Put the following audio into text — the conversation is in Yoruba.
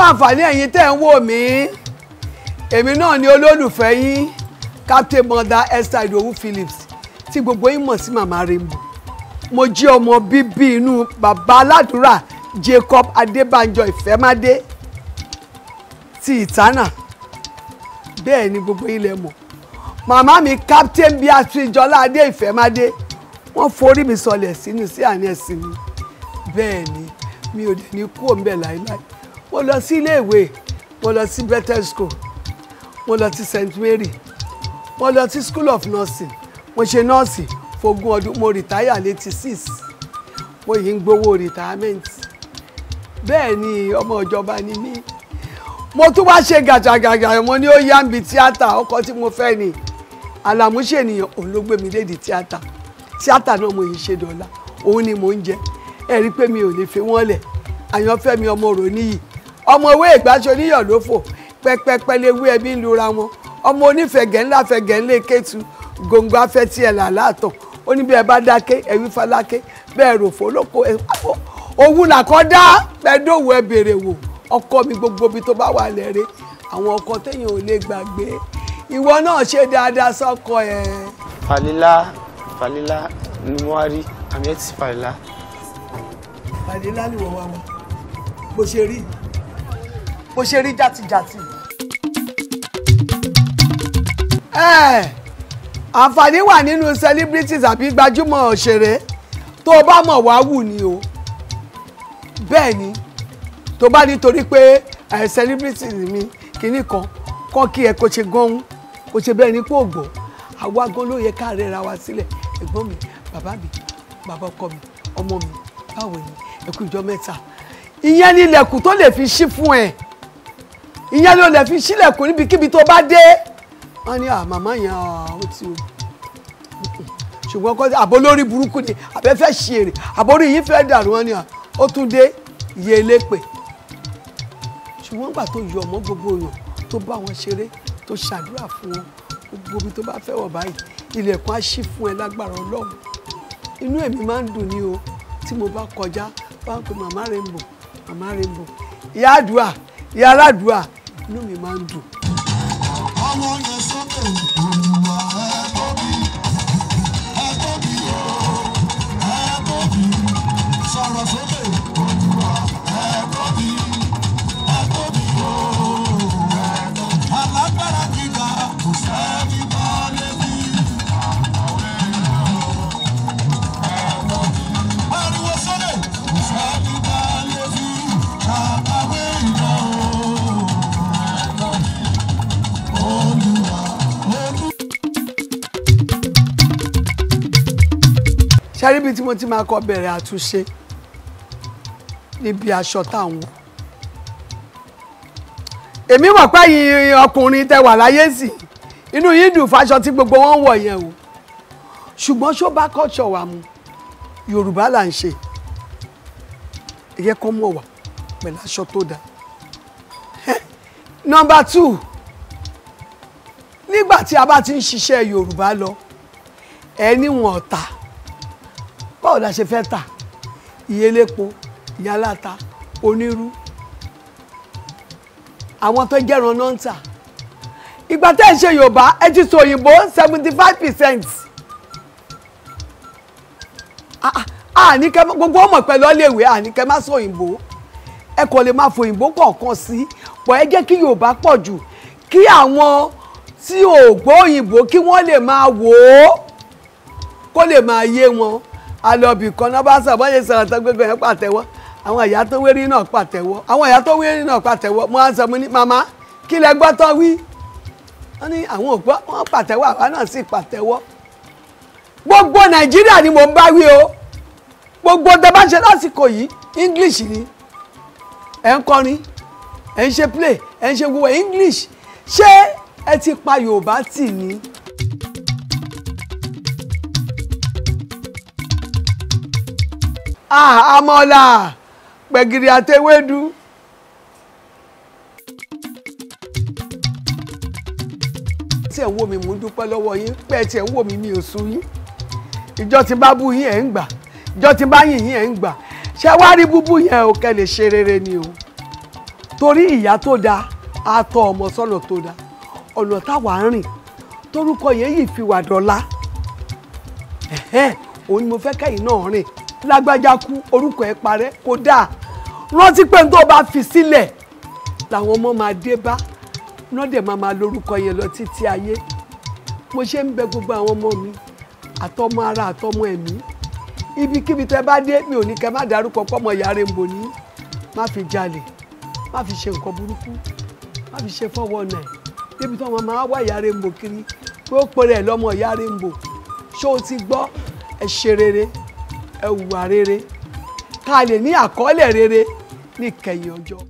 fún àǹfààní ẹ̀yin tẹ́ ń wò mí èmi náà ni olólùfẹ́ yín captain mother esther idowu phillips tí gbogbo yín mọ̀ sí màmá Rainbow mo jẹ́ ọmọ bíbí inú bàbá aládùúrà jacob adébánjọ ìfẹ́mádé ti ìtánà bẹ́ẹ̀ ni gbogbo yín lẹ mọ̀ màmá mi captain beatrice jọládé ìfẹ́mádé wọ́n forí mi sọlẹ̀ sínú sí àní ẹ̀sìn mi bẹ́ẹ̀ ni mi ò dé ní kú òun bẹ̀ láéláé mo lọ sí iléèwé mo lọ sí Bethel school mo lọ sí St Mary mo lọ sí school of nursing mo ṣe nọ́ọ̀sì fogún ọdún mo rìtáyà létí six mo yìí ń gbowó retirement bẹ́ẹ̀ ni ọmọ ìjọba ni mí mo tún wá ṣe gàjàgàjà mo ní ó yá mi tíátà ọkọ tí mo fẹ́ ni àlàmúṣe ènìyàn òun ló gbé mi lédi tíátà tíátà náà mo yìí ṣe dọ́là òun ni mò ń jẹ ẹ rí i pé mi ò lè fi wọ́n lẹ̀ àyànfẹ́ ọmọ rò níyì ọmọwé ìgbàsóníyàn ló fò pẹpẹpẹ léwu ẹbí ń lura wọn ọmọ onífẹ̀gẹ̀ ńlá fẹ̀gẹ̀ ńlé kétu gbòǹgbò afẹ́tí ẹ̀ làlátàn ó ní bí ẹ bá dáké ẹ̀rí faláké bẹ́ẹ̀ ròfò olóko ẹ̀ pápọ̀ òwú làkọ́dá pẹ̀dọ̀wù ẹ bèrè wò ọkọ mi gbogbo ibi tó bá wà lẹ́rẹ́ àwọn ọkọ téèyàn ò lè gbàgbé ìwọ náà ṣe dáadáa sọ́kọ ẹ. falila falila ni mo wá rí àmì ẹ ti falila. falila ni wọ́n wá wọn bó ṣe rí bó ṣe rí jàtìjàtì. Eh, àǹfààní wà nínú celebrities àbí gbajúmọ̀ òṣèré tó o bá mọ̀ wá wù ni o bẹ́ẹ̀ ni tó bá nítorí pé eh, celebrities mi kìíní kan kọ́ kí ẹ kó ṣe gan-an kó ṣe bẹ́ẹ̀ ni kó o gbọ́ àwa gan ló yẹ ká rẹra wa sílẹ̀ ẹ̀gbọ́n mi bàbá mi bàbá ọkọ mi ọmọ mi báwo ni ẹ kú ìjọ mẹ́ta ìyẹn ni ilẹ̀kùn tó lè fi ṣí fún ẹ ìyẹn ló lè fi sílẹ̀kùn níbikíbi tó bá dé wọ́n ní màmá yẹn ó ti o ṣùgbọ́n kọ́ àbó lórí burúkú ni àbẹ́ fẹ́ ṣe èrè àbó orí yìí fẹ́ dàrú wọn ni ó tún dé iye elépè ṣùgbọ́n nígbà tó yọ ọmọ gbogbo èèyàn tó bá wọn ṣeré tó ṣàdúrà fún wọn gbogbo ibi tó bá fẹ́ wọ̀ báyìí ilẹ̀kùn á ṣí fún ẹ lágbára ọlọ́run inú èmi máa ń dùn ní o tí mo bá kọjá bá ń pe màmá Rainbow màmá Rainbow ìyá àdúrà ìyá aládùúrà inú mi máa ń dùn. ọmọ yẹn sọ́kè òkú. ṣe ríbi tí mo ti máa kọ bẹ̀rẹ̀ àtúnṣe níbi aṣọ táwọn èmi mọ̀ pé yìí ọkùnrin tẹ wà láyé sí inú yìí dùn fáṣọ tí gbogbo wọn ń wọ̀ yẹn o ṣùgbọ́n ṣó bá kọ́ṣọ̀ wà mu yorùbá là ń ṣe ẹ̀yẹ kọ́ mọ̀ wá pẹ̀lú aṣọ tó dáa nọmba two nígbà tí a bá ti ń ṣiṣẹ́ yorùbá lọ ẹ níwọ̀n ọ̀tá báwo la ṣe fẹ́ tà ìyẹlẹ́po ìyálàta onírú àwọn tó jẹ́ran náà ń tà ìgbà tẹ́ ẹ̀ ṣe yorùbá ẹ ti sọ òyìnbó seventy five percent ah, ah, àníkẹ́ gbogbo ọmọ pẹ̀lú ọ̀lẹ́wẹ̀ àníkẹ́ má sọ òyìnbó ẹ kò lè máa fòyìnbó kọ̀ọ̀kan sí pọ̀ ẹ jẹ́ kí yorùbá pọ̀ jù kí àwọn tí ò gbọ́ òyìnbó kí wọ́n lè máa wò ó kó lè máa yé wọn alọ́bì kan náà bá sọ̀rọ̀ bọ́yẹ̀ sọ̀rọ̀ tán gbogbo yẹn pàtẹ́wọ́ àwọn ìyá tó wérí náà pàtẹ́wọ́ àwọn ìyá tó wérí náà pàtẹ́wọ́ mo á sọ mo ní màmá kí lẹ gbọ́ tán wí wọ́n ní àwọn òpó wọ́n pàtẹ́wọ́ àwa náà sì pàtẹ́wọ́ gbogbo nàìjíríà ni mò ń bá wí o gbogbo tó bá ṣe lásìkò yìí english ni ẹ̀ ń kọrin ẹ̀ ń ṣe play ẹ̀ ń ṣe gbogbo english ṣé ẹ ti pa yorùbá tì ní àmọ́là gbẹ̀gìrì àtẹwédú. tí ẹ̀ ń wò mí mò ń dúpẹ́ lọ́wọ́ yín pé ẹ ti ẹ̀ ń wò mí mi ò sun yín ìjọ tí bá bú yín ẹ̀ ń gbà ìjọ tí bá yìn yín ẹ̀ ń gbà ṣé wá rí búbú yẹn ò kẹ́ lè ṣe rere ni o torí ìyá tó dáa á tọ́ ọmọ sọ́nà tó dáa ọ̀nà táwa ń rìn torúkọ yẹn yìí fi wà dọ́là òun ni mo fẹ́ kẹ́yìn náà rìn lágbájá kú orúkọ ẹ̀ parẹ́ kò dáa rántí pé nítorí bá fi sílẹ̀ làwọn ọmọ máa dé bá náà dẹ̀ máa máa lórúkọ yẹn lọ títí ayé mo ṣe ń bẹ gbogbo àwọn ọmọ mi àtọmọ ara àtọmọ ẹ̀mí ibikíbi tẹ bá dé mi ò ní kẹ má dárúkọ pọmọ ìyá Rainbow ní má fi jalè má fi ṣe nǹkan burúkú má fi ṣe fọwọ́ nà débi tí wọn máa wá ìyá Rainbow kiri pé ó pèrè ẹ lọmọ ìyá Rainbow ṣó o ti gbọ́ ẹ ṣe rere ẹ hùwà rere ká lè ní àkọọ́lẹ̀ rere níkẹyìn ọjọ́.